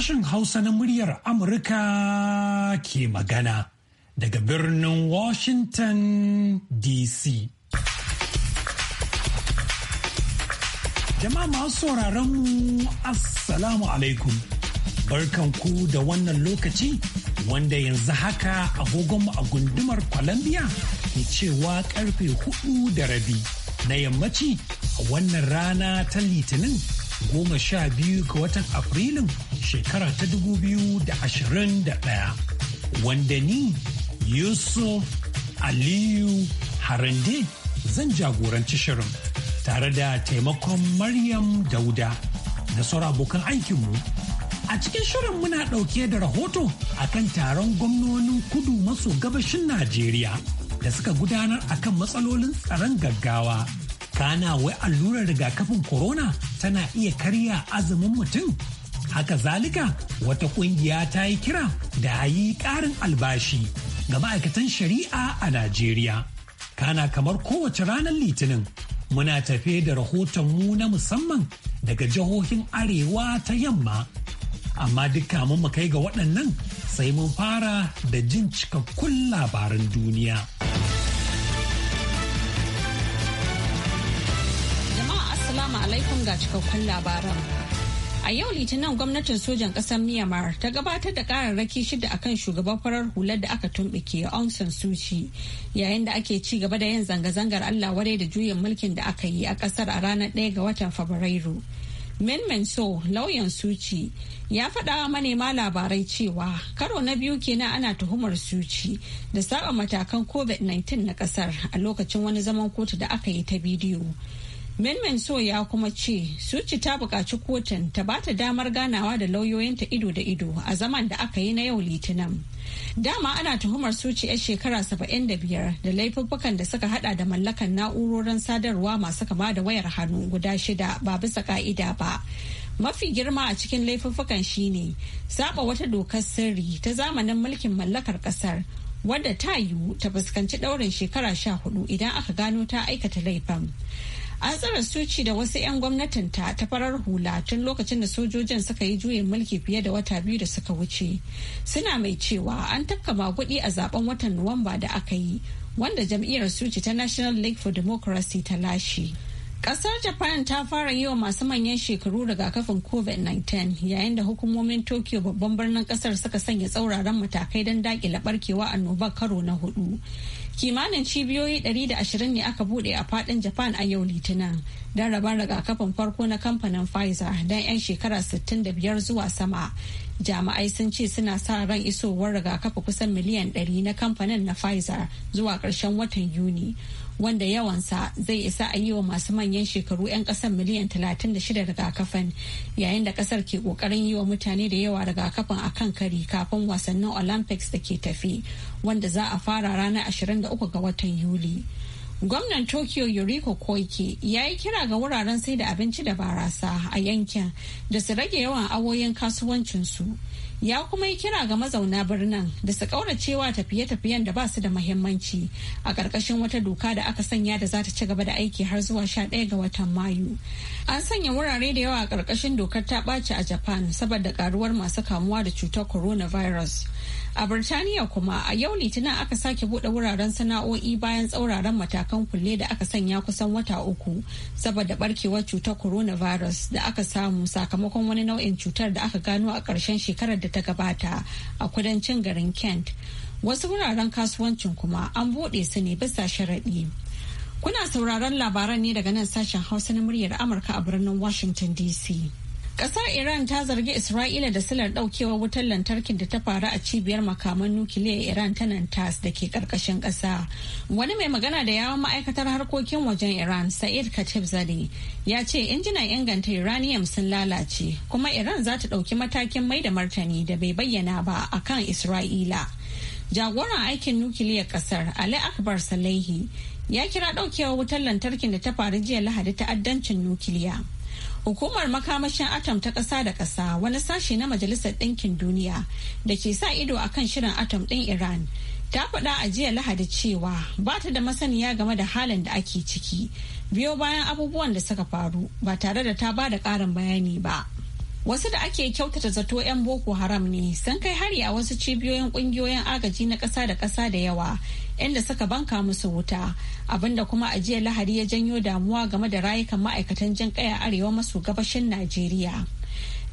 Sashen Hausa na muryar Amurka ke magana daga birnin Washington DC. Jama'a masu sauraron mu Assalamu alaikum. Barkanku da wannan lokaci wanda yanzu haka agogonmu a gundumar Columbia ke cewa karfe hudu da rabi na yammaci a wannan rana ta litinin goma sha biyu ga watan Afrilun shekara ta dubu biyu da ashirin da ɗaya. Wanda ni Yusuf Aliyu Harande zan jagoranci shirin tare da taimakon Maryam Dauda da sauran abokan aikinmu. A cikin shirin muna ɗauke da rahoto a kan taron gwamnonin kudu maso gabashin Najeriya da suka gudanar akan matsalolin tsaron gaggawa. kana wai allurar rigakafin corona tana iya karya azumin mutum haka zalika wata kungiya ta yi kira da yi karin albashi ga ma'aikatan shari'a a najeriya kana kamar kowace ranar litinin muna tafe da rahoton mu na musamman daga jihohin arewa ta yamma amma dukka mun mu kai ga waɗannan sai mun fara da jin cikakkun labaran duniya. alaikum ga cikakkun labaran. A yau litinin gwamnatin sojan ƙasar Myanmar ta gabatar da kararraki shida akan shugaban farar hular da aka tumɓuke Aung San Suu Kyi yayin da ake ci gaba da yin zanga-zangar Allah ware da juyin mulkin da aka yi a ƙasar a ranar 1 ga watan Fabrairu. Min so lauyan Suci ya faɗa wa manema labarai cewa karo na biyu kenan ana tuhumar Suci da saba matakan COVID-19 na ƙasar a lokacin wani zaman kotu da aka yi ta bidiyo. Menmen so ya kuma ce suci ta buƙaci kotun ta ba ta damar ganawa da lauyoyinta ido da ido a zaman da aka yi na yau litinin. Dama ana tuhumar suci 'yar shekara 75 da laifuffukan da suka hada da mallakan na'urorin sadarwa masu kama da wayar hannu guda shida ba bisa ka'ida ba. mafi girma a cikin laifuffukan shine saba wata dokar sirri ta zamanin mulkin mallakar kasar wadda ta yiwu ta fuskanci daurin shekara sha hudu idan aka gano ta aikata laifin an tsare suci da wasu 'yan gwamnatin ta ta farar hula tun lokacin da sojojin suka yi juyin mulki fiye da wata biyu da suka wuce suna mai cewa an tafka maguɗi a zaben watan nuwamba da aka yi wanda jam'iyyar suci ta national league for democracy ta lashe Kasar Japan ta fara yi wa masu manyan shekaru rigakafin COVID-19 yayin da hukumomin Tokyo babban birnin kasar suka sanya tsauraran matakai don dakile barkewa annobar karo na hudu. Kimanin cibiyoyi 120 ne aka bude a fadin Japan a yau Litinin don rabar rigakafin farko na kamfanin Pfizer don 'yan shekara 65 zuwa sama. Jami'ai sun ce suna sa ran isowar rigakafi kusan miliyan 100 na kamfanin na Pfizer zuwa ƙarshen watan Yuni. wanda yawansa zai isa a yi wa masu manyan shekaru 'yan kasar miliyan 36 rigakafin yayin da kasar ke kokarin yi wa mutane da yawa rigakafin a kan kari kafin wasannin olympics da ke tafi wanda za a fara ranar 23 ga watan yuli gwamnan tokyo yuriko koike ya yi kira ga wuraren sai da abinci da barasa a yankin da su rage yawan awoyin kasuwancinsu ya kuma yi kira ga mazauna birnin da su kauracewa tafiye-tafiyen da ba su da mahimmanci a ƙarƙashin wata doka da aka sanya da za ta ci gaba da aiki har zuwa sha 11 ga watan mayu an sanya wurare da yawa a ƙarƙashin dokar ta ɓaci a japan saboda ƙaruwar masu kamuwa da cutar coronavirus a birtaniya kuma a yau litinin aka sake buɗe wuraren sana'o'i bayan tsauraran matakan kulle da aka sanya kusan wata uku saboda barkewar cutar coronavirus da aka samu sakamakon wani nau'in cutar da aka gano a ƙarshen shekarar da ta gabata a kudancin garin Kent. Wasu wuraren kasuwancin kuma an buɗe su ne bisa sharaɗi. Kuna sauraron labaran ne daga nan sashen Hausa na muryar Amurka a birnin Washington DC. Ƙasar Iran ta zargi Isra'ila da silar ɗaukewar wutar lantarkin da ta faru a cibiyar makaman nukiliya Iran ta tas da ke karkashin kasa. Wani mai magana da yawon ma'aikatar harkokin wajen Iran, Sa'id Khatib Zari ya ce injinan inganta uranium sun lalace, kuma Iran za ta dauki matakin mai da martani da bai bayyana ba a kan Isra'ila. Jagoran aikin nukiliyar ƙasar Ali Akbar Salehi ya kira ɗaukewar wutar lantarkin da ta faru jiya Lahadi ta'addancin nukiliya. Hukumar makamashin atom ta ƙasa da ƙasa wani sashe na Majalisar Ɗinkin Duniya da ke sa ido a kan shirin atom ɗin Iran ta faɗa a jiya Lahadi cewa ba ta da masaniya game da halin da ake ciki biyo bayan abubuwan da suka faru ba tare da ta ba da ƙarin bayani ba. Wasu da ake kyautata zato 'yan Boko Haram ne sun kai hari a wasu cibiyoyin kungiyoyin agaji na ƙasa da ƙasa da yawa inda suka banka musu wuta abinda kuma a jiya lahadi ya janyo damuwa game da rayukan ma'aikatan jan kaya arewa maso gabashin Najeriya.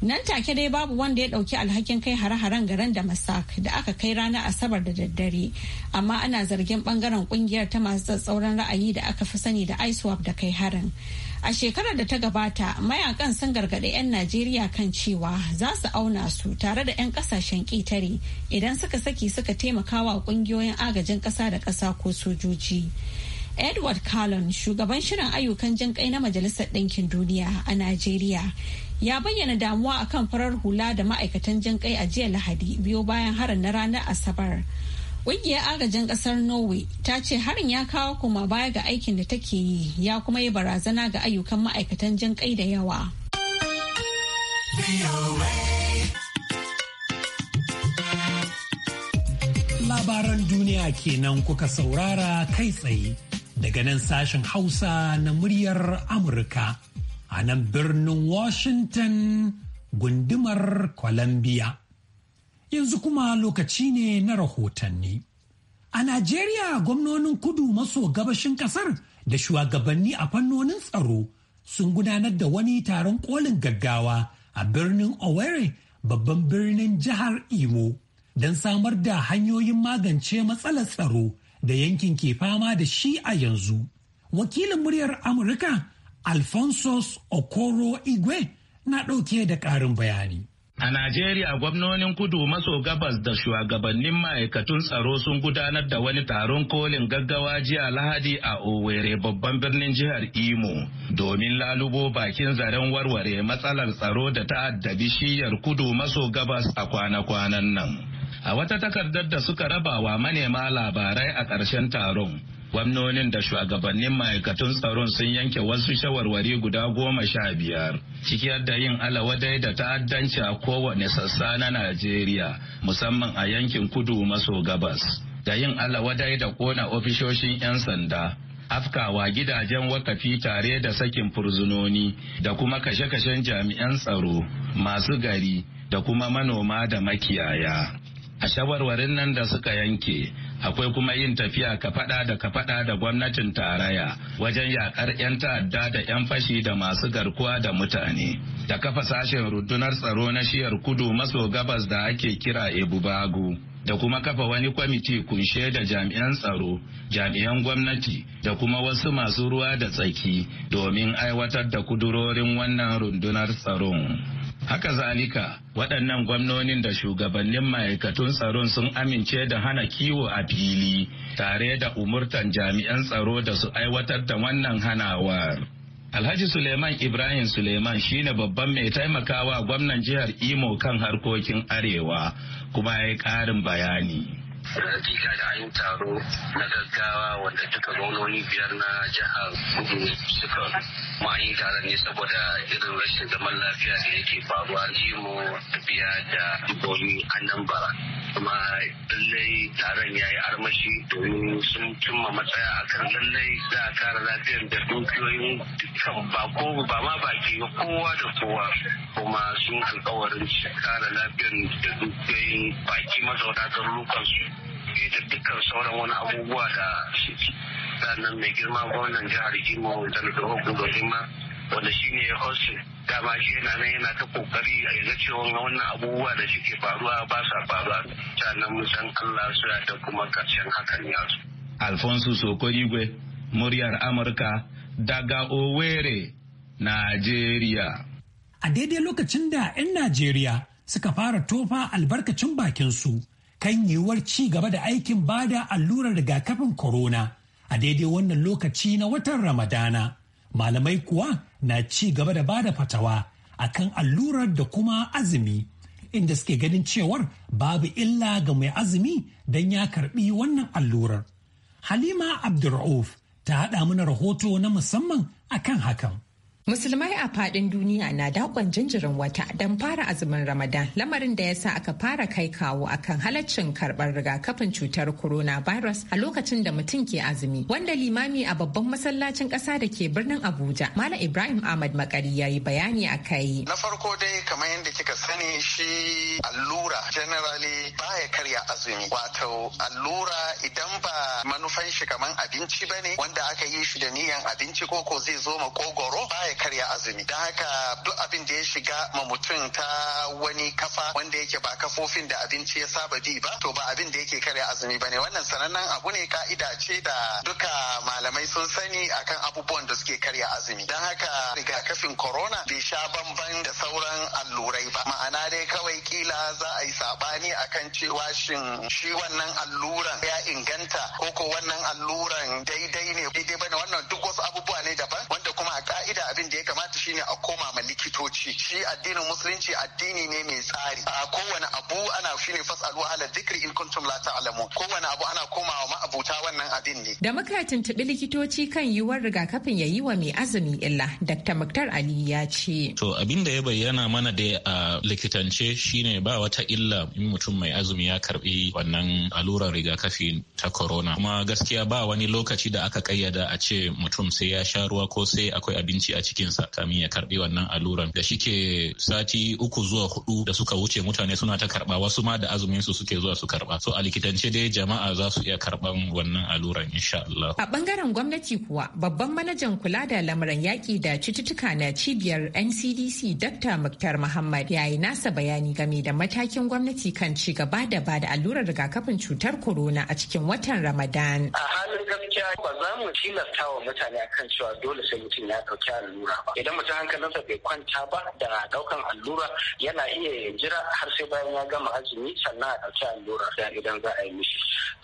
Nan take dai babu wanda ya ɗauki alhakin kai hare-haren garin da masak da aka kai ranar Asabar da daddare amma ana zargin bangaren kungiyar ta masu tsatsauran ra'ayi da aka fi sani da ISWAP da kai harin. A shekarar da ta gabata, mayakan sun gargaɗi 'yan Najeriya kan cewa za su auna su tare da 'yan ƙasashen ƙetare idan suka saki suka taimakawa ƙungiyoyin agajin ƙasa da ƙasa ko sojoji. Edward Cullen, shugaban shirin ayyukan jin kai na Majalisar Ɗinkin Duniya a Najeriya, ya bayyana damuwa akan farar hula da ma'aikatan jin kai a jiya Lahadi biyo bayan harin na ranar Asabar. Ƙungiyar agajin kasar Norway ta ce harin ya kawo kuma baya ga aikin da take yi ya kuma yi barazana ga ayyukan ma'aikatan jin kai da yawa. Labaran duniya kenan kuka saurara kai tsaye daga nan sashen Hausa na muryar Amurka a nan birnin Washington gundumar Columbia. Yanzu kuma lokaci ne na rahotanni. A Najeriya gwamnonin kudu maso gabashin kasar da shugabanni a fannonin tsaro sun gudanar da wani taron kolin gaggawa a birnin Owerri babban birnin jihar Imo don samar da hanyoyin magance matsalar tsaro da yankin ke fama da shi a yanzu. Wakilin muryar Amurka Alphonsus Okoro Igwe na ɗauke da ƙarin bayani. A Najeriya gwamnonin kudu maso gabas da shugabannin ma'aikatun tsaro sun gudanar da wani taron kolin gaggawa jiya Lahadi a Owerri babban birnin jihar Imo domin lalubo bakin zaren warware matsalar tsaro da ta'addabi shiyar kudu maso gabas a kwana-kwanan nan. A wata takardar da suka rabawa manema labarai a ƙarshen taron. gwamnonin da shugabannin ma'aikatun tsaron sun yanke wasu shawarwari guda goma sha biyar ciki da yin alawadai da ta'addanci a kowane sassa na najeriya musamman a yankin kudu maso gabas da yin alawadai da kona ofishoshin 'yan sanda afkawa gidajen wakafi tare da sakin furzunoni da kuma kashe-kashen jami'an tsaro masu gari da kuma manoma da makiyaya a shawarwarin nan da suka yanke akwai kuma yin tafiya ka kafaɗa da ka kafaɗa da gwamnatin tarayya wajen yakar 'yan ta'adda da 'yan fashi da masu garkuwa da mutane da kafa sashen rundunar tsaro na shiyar kudu maso gabas da ake kira ebubagu da kuma kafa wani kwamiti kunshe da jami'an tsaro jami'an gwamnati da kuma wasu masu ruwa da tsaki domin aiwatar da kudurorin wannan rundunar tsaron. Haka zalika, waɗannan gwamnonin da shugabannin ma'aikatun tsaron sun amince da hana kiwo a fili tare da umurtan jami'an tsaro da su aiwatar da wannan hanawar. Alhaji Suleiman Ibrahim Suleiman shine babban mai taimakawa gwamnan jihar Imo kan harkokin Arewa kuma ya yi ƙarin bayani. hakika da an taro na gaggawa wanda duka gwamnoni biyar na jihar kudu suka ma'ayin taron ne saboda irin rashin zaman lafiya da yake faruwa limo biya da a nan bara kuma lallai taron ya yi armashi domin sun cimma matsaya kan lallai za a kara lafiyar da dukiyoyin dukkan ba ko ba ma baki ba kowa da kowa kuma sun alkawarin kara lafiyar da dukiyoyin baki mazauna garurukan su da dukkan sauran wani abubuwa da shi sannan mai girma gwamnan jihar imo da na dogon ma wanda shine ya hostel dama shi yana nan yana ta kokari a ga cewa wannan abubuwa da suke faruwa ba sa faruwa ta mu san Allah su da kuma karshen hakan ya su Alfonso Soko Igwe muryar Amurka daga Owerri Najeriya A daidai lokacin da 'yan Najeriya suka fara tofa albarkacin bakinsu kan yiwuwar ci gaba da aikin bada allurar rigakafin korona a daidai wannan lokaci na watan Ramadana. malamai kuwa na ci gaba da bada fatawa akan allurar da kuma azumi inda suke ganin cewar babu illa ga mai azumi don ya karbi wannan allurar halima abdurrauf ta haɗa mana rahoto na musamman akan hakan Musulmai a fadin duniya na dakon jinjirin wata don fara azumin Ramadan lamarin da ya sa aka fara kai kawo akan halaccin karbar rigakafin cutar corona virus a lokacin da mutum ke azumi. Wanda limami a babban masallacin ƙasa da ke birnin Abuja, Malam Ibrahim Ahmad Makari ya yi bayani a kai. Na farko dai kamar yadda kika sani shi allura generally baya karya azumi. Wato allura idan ba manufan shi kamar abinci bane wanda aka yi shi da niyan abinci ko ko zai zo ma kogoro baya karya azumi don haka duk abin da ya shiga ma mutum ta wani kafa wanda yake ba kafofin da abinci ya saba bi ba to ba abin da yake karya azumi ba ne wannan sanannen abu ne ka'ida ce da duka malamai sun sani akan abubuwan da suke karya azumi don haka rigakafin corona bai sha bamban da sauran allurai ba ma'ana dai kawai kila za a yi sabani akan cewa shin shi wannan alluran ya inganta ko ko wannan alluran daidai ne daidai bane wannan duk wasu abubuwa ne daban abin da ya kamata shine a koma ma likitoci shi addinin musulunci addini ne mai tsari a kowane abu ana shine fasalu ala dhikri in kuntum la ta'lamu kowane abu ana koma ma abuta wannan abin ne da muka tuntubi likitoci kan yiwuwar rigakafin ya yi wa mai azumi illa dr muktar ali ya ce to abin da ya bayyana mana da a likitance shine ba wata illa in mutum mai azumi ya karbi wannan allurar rigakafi ta corona kuma gaskiya ba wani lokaci da aka kayyada a ce mutum sai ya sha ruwa ko sai akwai abinci a cikinsa kamin ya karbi wannan alluran da shike sati uku zuwa hudu da suka wuce mutane suna ta karba wasu ma da azumin su suke zuwa su karba so a likitance dai jama'a za su iya karban wannan alluran insha Allah a bangaren gwamnati kuwa babban manajan kula da lamuran yaki da cututtuka na cibiyar NCDC Dr. Muktar Muhammad ya yi nasa bayani game da matakin gwamnati kan ci gaba da ba da allurar rigakafin cutar corona a cikin watan Ramadan a halin gaskiya ba za mu tilasta wa mutane akan cewa dole sai mutum ya dauki allura ba idan mutum hankalinsa bai kwanta ba da daukan allura yana iya jira har sai bayan ya gama azumi sannan a ɗauki allura idan za a yi mishi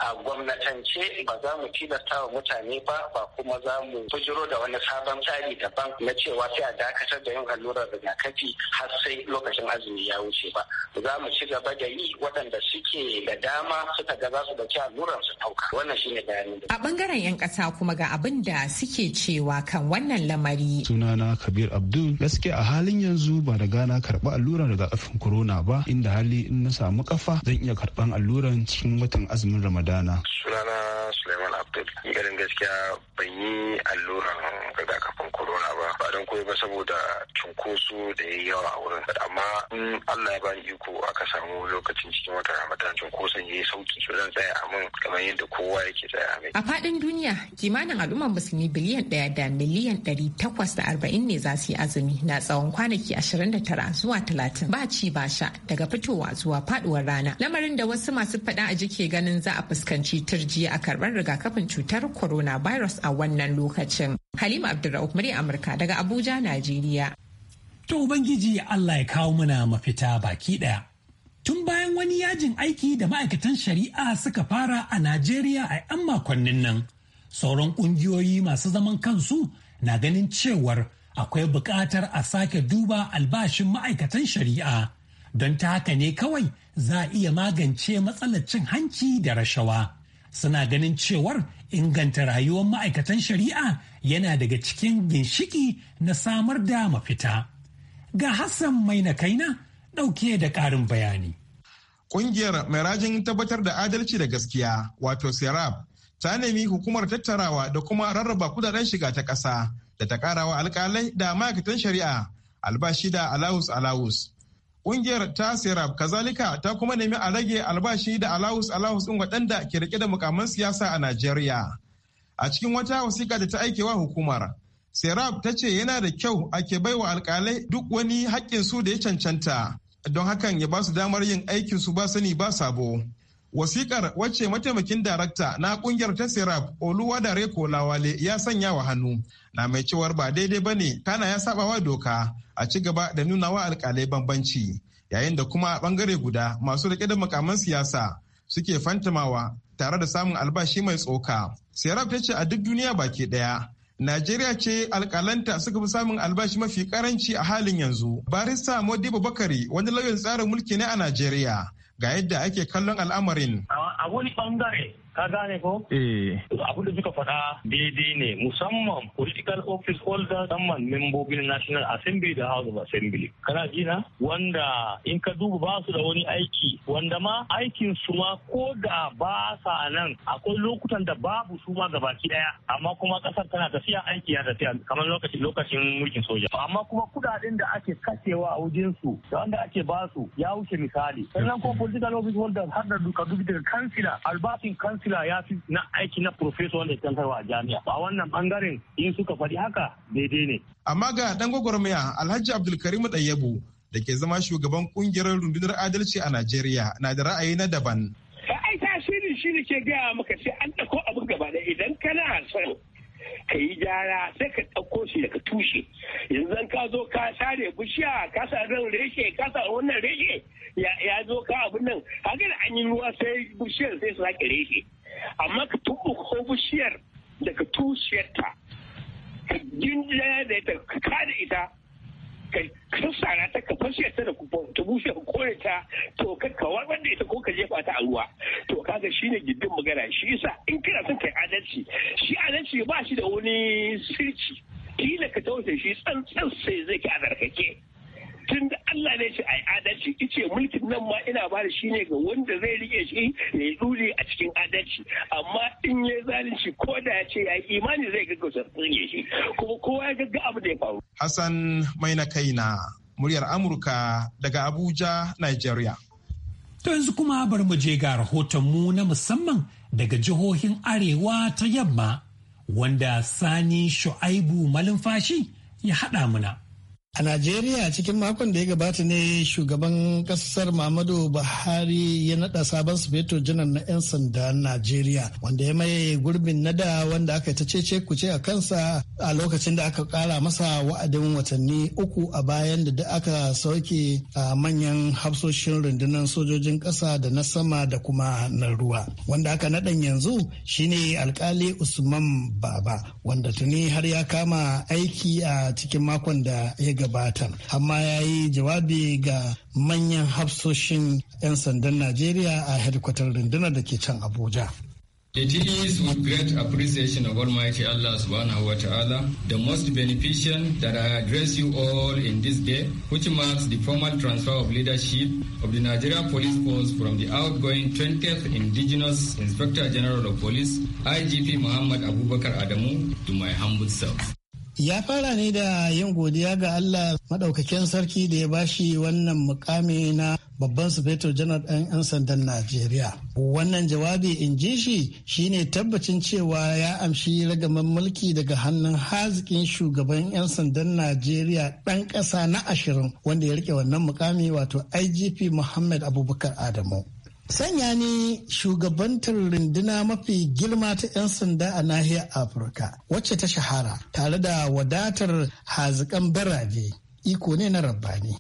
a gwamnatance ba za mu tilasta wa mutane ba ba kuma za mu bujiro da wani sabon tsari daban na cewa sai a dakatar da yin allurar rigakafi har sai lokacin azumi ya wuce ba za mu ci gaba da yi waɗanda suke da dama suka ga za su dauki allurar su ɗauka wannan shine bayanin a bangaren yan ƙasa kuma ga abin da suke cewa kan wannan lamari sunana kabir abdul gaskiya a halin yanzu ba da gana karɓi alluran rigakafin corona ba inda hali in na samu kafa zan iya karɓan alluran cikin watan azumin ramadana sunana suleiman abdul garin gaskiya ban yi alluran rigakafin corona corona ba ba don koyi ba saboda cunkoso da ya yi yawa a wurin amma in Allah ya bani iko aka samu lokacin cikin watan Ramadan cunkoson ya yi sauki to zan tsaya a mun kamar yadda kowa yake tsaya mai. A faɗin duniya kimanin al'ummar musulmi biliyan ɗaya da miliyan ɗari takwas da arba'in ne za su yi azumi na tsawon kwanaki ashirin da tara zuwa talatin ba ci ba sha daga fitowa zuwa faɗuwar rana lamarin da wasu masu faɗa a jike ganin za a fuskanci turjiya a karɓar rigakafin cutar coronavirus a wannan lokacin. Halima Abdulrauf murya Amurka daga Abuja, Najeriya. To Ubangiji Allah ya kawo muna mafita baki ɗaya. Tun bayan wani yajin aiki da ma'aikatan shari'a suka fara a Najeriya a 'yan makonnin nan, sauran ƙungiyoyi masu zaman kansu na ganin cewar akwai buƙatar a sake duba albashin ma'aikatan shari'a. Don ta haka ne kawai za a iya magance matsalar cin hanci da rashawa. suna ganin cewar inganta rayuwar ma'aikatan shari'a yana daga cikin ginshiki na samar da mafita. Ga Hassan mai na kaina ɗauke da ƙarin bayani. Ƙungiyar mai rajin tabbatar da adalci da gaskiya wato Serap ta nemi hukumar tattarawa da kuma rarraba kudaden shiga ta ƙasa da ta ƙarawa alƙalai da ma'aikatan shari'a albashi da alawus alawus Ƙungiyar ta Serap kazalika ta kuma nemi a rage albashi da alawus alawus din waɗanda ke rike da mukaman siyasa a Najeriya. A cikin wata wasiƙa da ta aikewa hukumar, Serap ta ce yana da kyau ake baiwa alƙalai duk wani haƙƙin su da ya cancanta, don hakan ya ba su damar yin aikin su ba sani ba sabo. Wasiƙar wacce mataimakin darakta na kungiyar ta Serap ko Lawale ya sanya wa hannu na mai cewar ba daidai bane kana ya saba wa doka a ci gaba da nuna wa alkalai bambanci yayin da kuma a bangare guda masu rike da makaman siyasa suke fantamawa tare da samun albashi mai tsoka. Serap ta ce a duk duniya baki daya Najeriya ce alkalanta suka fi samun albashi mafi karanci a halin yanzu. Barista Modibo Bakari wani lauyan tsarin mulki ne a Najeriya ga yadda ake kallon al'amarin. A wani bangare ka gane ko eh da suka faɗa daidai ne musamman political office holder musamman membobin national assembly da house of assembly kana jina wanda in ka duba ba su da wani aiki wanda ma aikin su ma ko da ba sa nan akwai lokutan da babu su ma gabaki daya amma kuma kasar tana tafiya aiki ya tafiya kamar lokacin lokacin mulkin soja amma kuma kudaden da ake kashewa a wajen su da wanda ake ba su ya wuce misali sannan ko political office holder har da duka duk daga kansila albashin kansila kansila ya fi na aiki na professor wanda ya tantarwa a jami'a ba wannan bangaren in suka faɗi haka daidai ne. Amma ga dan gwagwarmaya Alhaji Abdulkarim Ɗayyabu da ke zama shugaban kungiyar rundunar adalci a Najeriya na da ra'ayi na daban. Ai tasiri shi ne ke gaya maka sai an ɗauko abin gaba da idan kana son ka yi gyara sai ka ɗauko shi da ka tushe yanzu ka zo ka share bishiya ka sa ran reshe ka sa wannan reshe ya zo ka abin nan haka da an yi ruwa sai bishiyar sai su sake reshe amma ka tuɓo ko bishiyar daga ta ka gindaya da ita ka kada ita ka sassara ta ka fashe ta da ta bushe ka kore ta to ka kawar wanda ita ko ka jefa ta a ruwa to kaga ne gindin magana shi yasa in kira sun kai adalci shi adalci ba shi da wani sirci kila ka tausa shi tsantsan sai zai ki zarkake. tun da Allah ne ce a adalci ice mulkin nan ma ina ba da shi ne ga wanda zai rike shi ya dure a cikin adalci amma in ya zalunci ko da ya ce ya imani zai ga gausar tsanye shi kuma kowa ya ga abu da ya faru Hassan Maina Kaina muryar Amurka daga Abuja Nigeria To yanzu kuma bar mu je ga rahoton mu na musamman daga jihohin Arewa ta Yamma wanda Sani Shu'aibu Malumfashi ya haɗa muna. A Najeriya cikin makon da ya gabata ne shugaban kasar Muhammadu Buhari ya nada sabon sufeto janar na 'yan sanda Najeriya wanda ya maye gurbin nada wanda aka ta cece kuce a kansa a lokacin da aka kara masa wa'adin watanni uku a bayan da aka sauke a manyan hafsoshin rundunar sojojin ƙasa da na sama da kuma na ruwa. Wanda aka nadan yanzu shine alkali Usman Baba wanda tuni har ya kama aiki a cikin makon da ya gabatar amma ya yi jawabi ga manyan hafsoshin 'yan sandan najeriya a hedkwatar rundunar da ke can abuja It is e with great appreciation of Almighty Allah subhanahu wa ta'ala, the most beneficial that I address you all in this day, which marks the formal transfer of leadership of the Nigeria Police Force from the outgoing 20th Indigenous Inspector General of Police, IGP Muhammad Abubakar Adamu, to my humble self. Ya fara ne da yin godiya ga Allah maɗaukakin sarki da ya bashi wannan mukami na babban sufeto janar ɗan 'yan sandan Najeriya. Wannan jawabi in ji shi shine tabbacin cewa ya amshi ragaman mulki daga hannun hazikin shugaban 'yan sandan Najeriya ɗan ƙasa na ashirin wanda ya rike wannan mukami wato IGP Muhammad Abubakar Adamu. Sanya ne shugabantar runduna mafi girma ta 'yan sanda a nahiyar Afirka, wacce ta shahara tare da wadatar haziƙan birane iko ne na rabbani.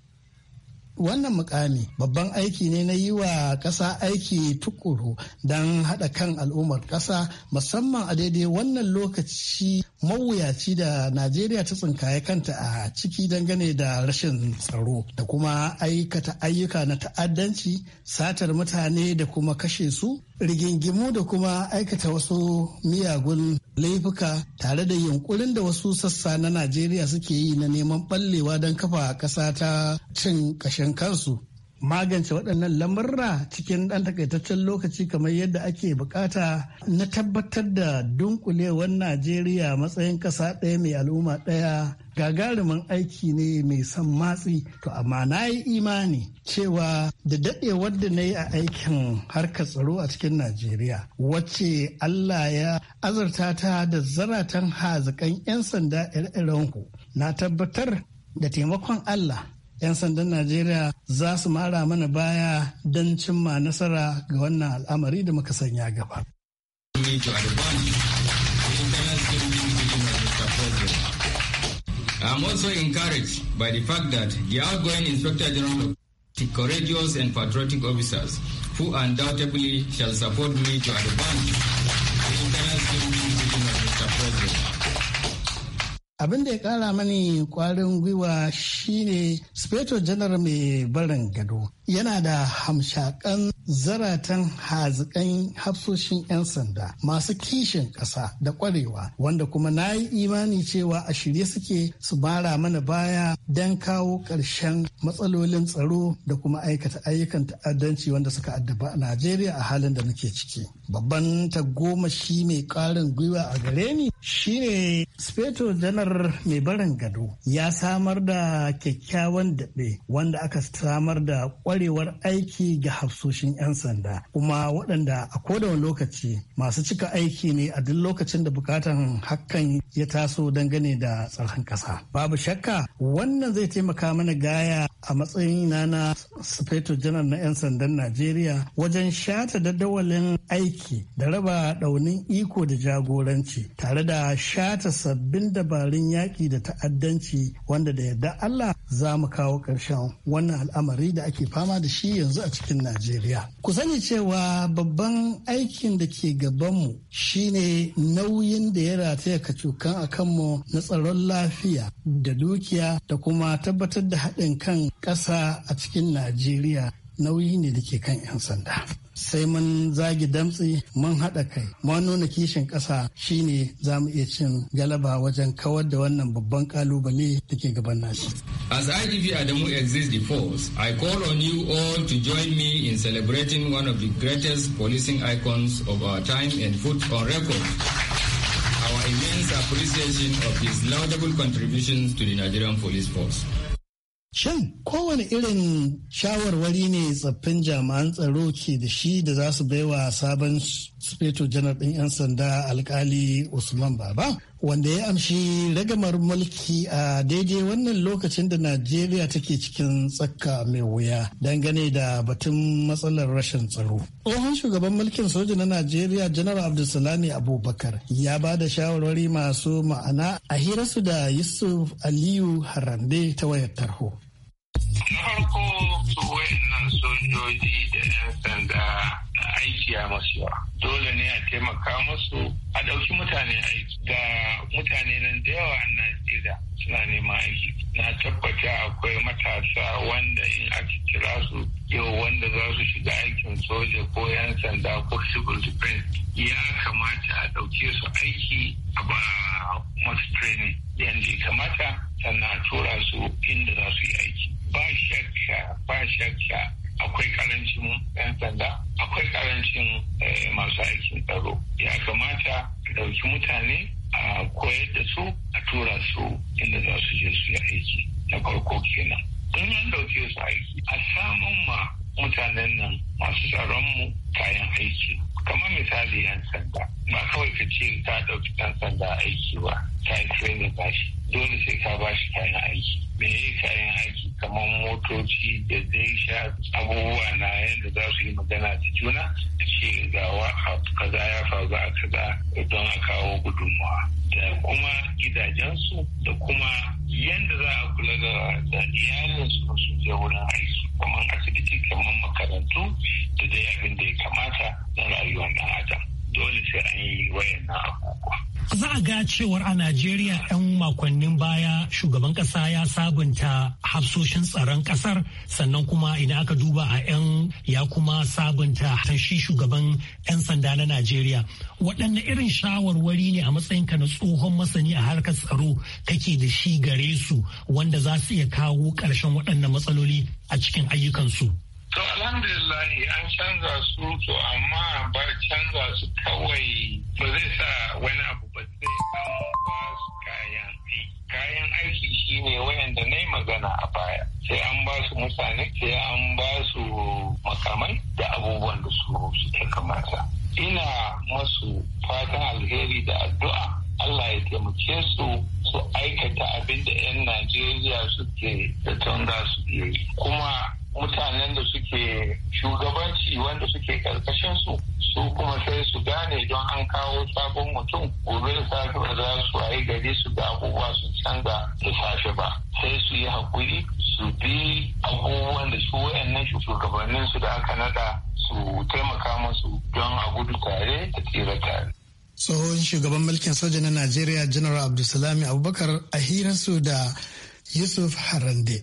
Wannan mukami babban aiki ne na yi wa ƙasa aiki tukuru don haɗa kan al'ummar ƙasa musamman a daidai wannan lokaci mawuyaci da Najeriya ta tsinkaye kanta a ciki dangane da rashin tsaro da kuma aikata ayyuka na ta'addanci, satar mutane da kuma kashe su, rigingimu da kuma aikata wasu miyagun laifuka tare da yunkurin da wasu sassa na Najeriya suke yi na neman ɓallewa don kafa ƙasa ta cin ƙashin kansu. magance waɗannan lamurra cikin ɗan takaitaccen lokaci kamar yadda ake bukata na tabbatar da dunkulewar Najeriya matsayin ƙasa ɗaya mai al'umma ɗaya gagarumin aiki ne mai son matsi to amma na yi imani cewa da daɗewar da na yi a aikin harkar tsaro a cikin Najeriya wacce Allah ya azurta ta da zaratan hazikan 'yan sanda ire-irenku na tabbatar da taimakon Allah 'yan sandan Najeriya za su mara mana baya don cimma nasara ga wannan al'amari da muka sanya gaba. I'm also encouraged by the fact that the outgoing Inspector General of courageous and patriotic officers who undoubtedly shall support me to advance abin da ya kara mani kwarin gwiwa shine speto janar mai barin gado yana da hamshakan zaratan hazikan hafsoshin 'yan sanda masu kishin ƙasa da ƙwarewa wanda kuma na yi imani cewa a shirye suke su bara mana baya don kawo ƙarshen matsalolin tsaro da kuma aikata ayyukan ta'addanci wanda suka addaba a najeriya a halin da muke ciki babban shi mai ƙarin gwiwa a gare ni shine speto janar mai barin gado ya samar da kyakkyawan daɓe wanda aka samar da kwarewar aiki ga hafsoshin 'yan sanda kuma waɗanda a kodawan lokaci masu cika aiki ne a duk lokacin da bukatan hakan ya taso dangane da tsaron ƙasa babu shakka wannan zai taimaka mana gaya a matsayin na na sufeto janar na 'yan sandan najeriya wajen shata daddawalin aiki da raba daunin iko da jagoranci tare da shata sabbin dabarun yaƙi da ta'addanci wanda da yadda allah za mu kawo ƙarshen wannan al'amari da ake fama fama da shi yanzu a cikin Najeriya. Ku sani cewa babban aikin da ke gabanmu shi ne nauyin da ya rataya kacukan a kanmu na tsaron lafiya da dukiya da kuma tabbatar da haɗin kan ƙasa a cikin Najeriya nauyi ne da ke kan 'yan sanda sai mun zagi damtsi mun haɗa kai mun nuna kishin ƙasa shine za mu iya cin galaba wajen kawar da wannan babban kalubale da ke gaban nashi. As IDP Adamu exists the force, I call on you all to join me in celebrating one of the greatest policing icons of our time and put on record. Our immense appreciation of his laudable contributions to the Nigerian police force. Shin kowane irin shawarwari ne tsaffin jami'an tsaro ke da shi da za su baiwa sabon Sufeto janar ɗin 'yan sanda alkali Usman Baba, wanda ya amshi ragamar mulki a daidai wannan lokacin da Najeriya take cikin tsaka mai wuya dangane da batun matsalar rashin tsaro. Tsohon shugaban mulkin soja na Najeriya janar Abdulsalami Abubakar ya ba da shawarwari masu ma'ana a hirarsu da Yusuf Aliyu Harande ta wayar tarho. Na farko su wayannan sojoji da 'yan sanda aiki ya masu yawa. Dole ne a taimaka masu a ɗauki mutane aiki. Da mutane nan da yawa a Najeriya suna neman aiki. Na tabbata akwai matasa wanda in aka kira su yau wanda za su shiga aikin soja ko 'yan sanda ko civil defense ya kamata a ɗauke su aiki a ba masu training yadda ya kamata sannan a tura su inda za su yi aiki. ba shakka ba shakka akwai karancin 'yan sanda akwai karancin eh, masu aikin tsaro ya kamata a ɗauki mutane a koyar da su a tura su inda za su je su yi aiki na farko kenan in an ɗauke su aiki a samun ma mutanen nan masu tsaronmu kayan aiki kamar misali 'yan sanda ba kawai ka ce ta ɗauki 'yan sanda aiki ba Ta yi training ba shi dole sai ka ba shi kayan aiki me yi kayan aiki kamar motoci da zai sha abubuwa na yadda za su yi magana da juna da ce a kaza ya faru a kaza don a kawo gudunmawa da kuma gidajensu da kuma yadda za a kula da iyalinsu su je wurin aiki kamar asibiti kamar makarantu da dai abin da ya kamata na rayuwar ɗan adam dole sai an yi wayannan abubuwa za a ga cewar a Najeriya 'yan makonnin baya shugaban kasa ya sabunta hafsoshin tsaron kasar sannan kuma idan aka duba a 'yan ya kuma sabunta shi shugaban 'yan sanda na Najeriya. Waɗanne irin shawarwari ne a matsayinka na tsohon masani a harkar tsaro kake da shi gare su wanda za su iya kawo ƙarshen waɗannan matsaloli a cikin ayyukansu. To alhamdulillah an canza su to amma bar canza su kawai Ba zai sa wani abu ba sai an ba su kayan aiki kayan aiki shine wayanda na yi magana a baya sai an ba su mutane sai an ba su makamai da abubuwan da su suke kamata ina masu fatan alheri da addu'a Allah ya taimake su su aikata abin da 'yan Najeriya suke da za su yi kuma mutanen da suke shugabanci wanda suke karkashin su su kuma sai su gane don an kawo sabon mutum gobe da safe ba za su ayi gari su ga abubuwa su canza da safe ba sai su yi hakuri su bi abubuwan da su wayannan shugabannin su da aka nada su taimaka musu don a gudu tare da tsira tare tsohon shugaban mulkin soja na najeriya janar abdulsalami abubakar a hirarsu da yusuf harande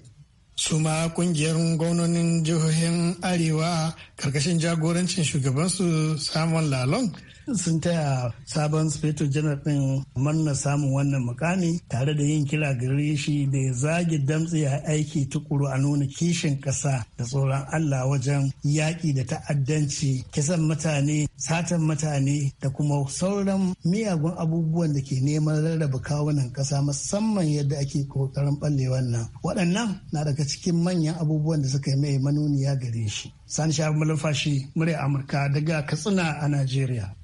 su ma kungiyar gwamnonin jihohin arewa karkashin jagorancin shugabansu samun lalon sun taya sabon speto janar din manna samun wannan mukami tare da yin kira gare shi da ya zage damtse a aiki tukuru a nuna kishin ƙasa da tsoron Allah wajen yaƙi da ta'addanci kisan mutane satan mutane da kuma sauran miyagun abubuwan da ke neman rarraba kawunan ƙasa musamman yadda ake ƙoƙarin ɓalle wannan waɗannan na daga cikin manyan abubuwan da suka yi mai manuniya gare shi sani shafi malafashi murya amurka daga katsina a najeriya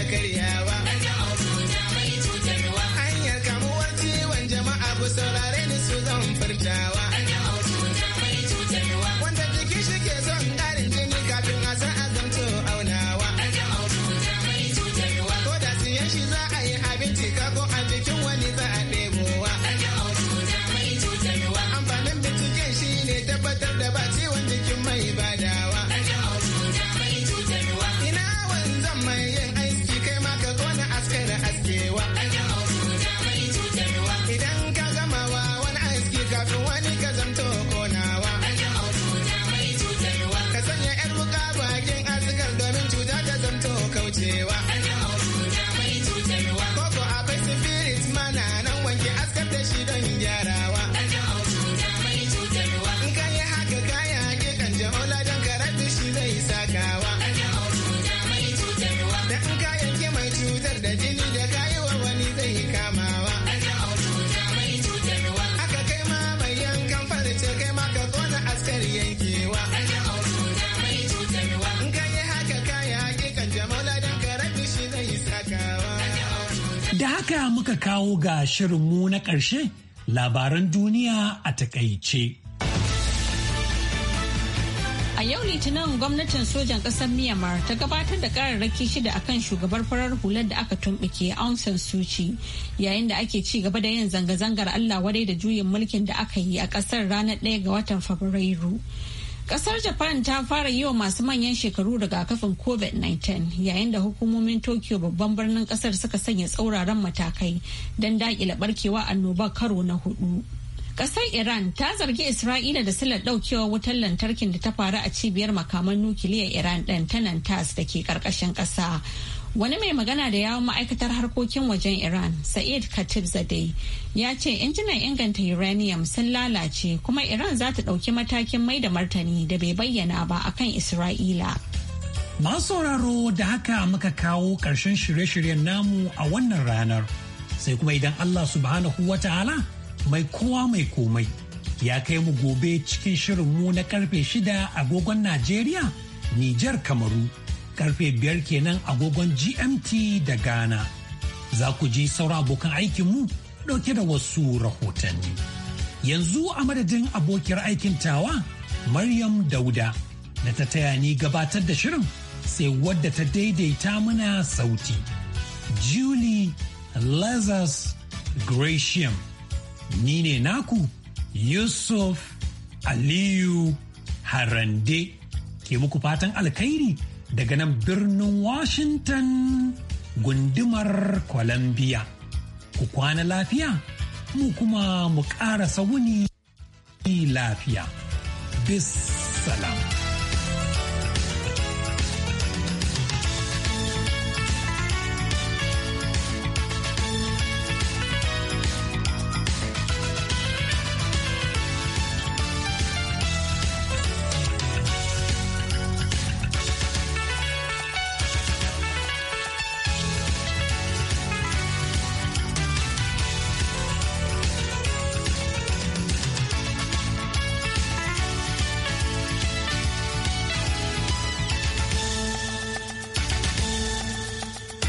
da karyawa. haka muka kawo ga shirinmu na ƙarshe labaran duniya a takaice. A yau Litinin gwamnatin sojan ƙasar Myanmar ta gabatar da kararraki shida akan shugabar farar hular da aka tumɓuke Aung San Suu yayin da ake ci gaba da yin zanga-zangar Allah wadai da juyin mulkin da aka yi a ƙasar ranar 1 ga watan Fabrairu. Kasar Japan ta fara yi wa masu manyan shekaru daga kafin COVID-19 yayin da hukumomin Tokyo babban birnin kasar suka sanya tsauraran matakai don daƙile barkewa annobar karo na hudu. Kasar Iran ta zargi Isra'ila da silar ɗaukewar wutar lantarkin da ta faru a cibiyar makaman nukiliyar Iran ɗin ta Nantas da ke ƙarƙashin ƙasa. wani mai magana da yawon ma'aikatar harkokin wajen iran sa'id khatib zadai ya ce injinan inganta uranium sun lalace kuma iran za ta ɗauki matakin mai da martani da bai bayyana ba akan isra'ila masu sauraro da haka muka kawo ƙarshen shirye-shiryen namu a wannan ranar sai kuma idan allah subhanahu wata'ala mai kowa mai komai ya kai mu gobe cikin shirin mu na karfe shida agogon najeriya nijar kamaru karfe biyar kenan agogon GMT da Ghana. Za ku ji sauran abokan aikinmu ɗauke da wasu rahotanni. Yanzu a madadin abokiyar aikin tawa Maryam Dauda da ta taya ni gabatar da shirin sai wadda ta daidaita mana sauti. Julie Lazarus Gratiam. Ni ne naku Yusuf Aliyu Harande ke muku fatan alkhairi. daga nan birnin Washington gundumar Columbia. Ku kwana lafiya, mu kuma mu ƙara wuni lafiya. Bis salam.